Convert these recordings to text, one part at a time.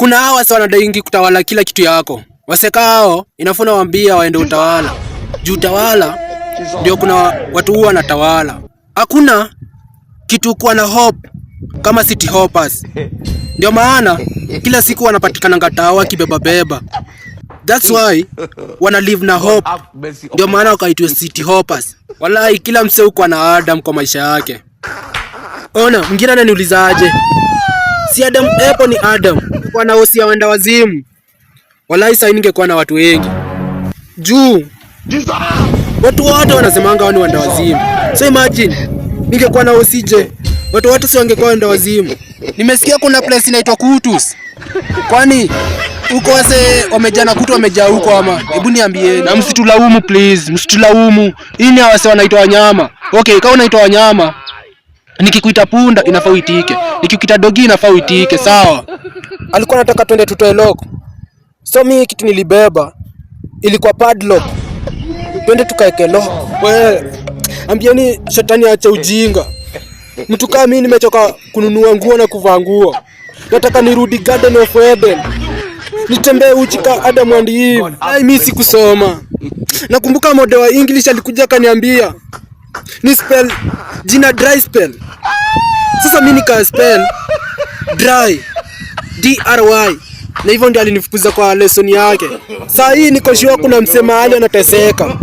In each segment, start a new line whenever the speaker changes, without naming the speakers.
Kuna hawa sasa wanadai kutawala kila kitu yako. Waseka hao inafuna waambia waende utawala. Juu utawala ndio kuna watu huwa wanatawala. Hakuna kitu kuwa na hope kama city hoppers. Ndio maana kila siku wanapatikana ngatawa kibeba beba. That's why wana live na hope. Ndio maana wakaitwa city hoppers. Walai kila mse huko na Adam kwa maisha yake. Ona, mwingine ananiulizaje? Si Adam Apple ni Adam. Kwa na hosi ya wanda wazimu. Walai sasa ningekuwa na watu wengi. Juu. Watu wote wanasemanga wao ni wanda wazimu. So imagine ningekuwa na hosi je. Watu wote si wangekuwa wanda wazimu. Nimesikia kuna place inaitwa Kutus. Kwani huko wase wamejana kutu wamejaa huko ama? Hebu niambie. Na msitulaumu please, msitulaumu. Hii ni wase wanaitwa wanyama. Okay, kama unaitwa wanyama, Nikikuita punda inafaa uitike, nikikuita dogi inafaa uitike, sawa? Alikuwa anataka twende tutoe lock, so mimi kitu nilibeba ilikuwa padlock. Twende tukaeke lock. We ambieni shetani aache ujinga. Mtu kama mimi nimechoka kununua nguo na kuvaa nguo, nataka nirudi Garden of Eden nitembee uchi ka Adam and Eve. Ai, mimi sikusoma. Nakumbuka mode wa English alikuja akaniambia ni spell jina dry spell. Sasa mimi nika spell dry D R Y na hivyo ndio alinifukuza kwa lesson yake. Saa hii niko sure kuna msema ali anateseka.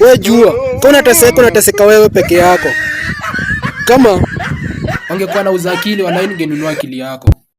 We jua kwa unateseka, unateseka wewe peke yako. Kama wangekuwa na uzakili wanaingenunua akili yako.